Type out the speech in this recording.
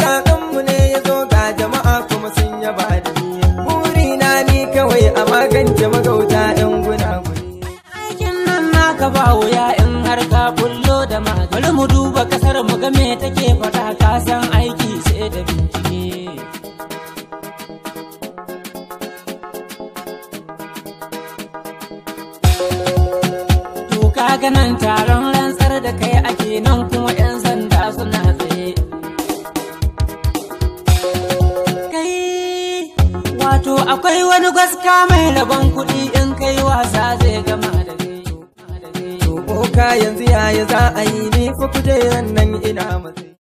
zaɓenmu ne ya zo ga jama'a kuma sun yaba addini. Muri na ni kawai a magance magauta 'yan guna guri. Aikin nan naka ba wuya in har ka kullo da magani. Bari mu duba kasar mu ga me take faɗa ka san aiki sai da bincike. duka ganin taron rantsar da kai ake nan Wato akwai wani gaska mai rabon kuɗi in kai wasa zai gama da gai? To ka yanzu yaya za a yi ne? fa kujeran nan ina matsayi.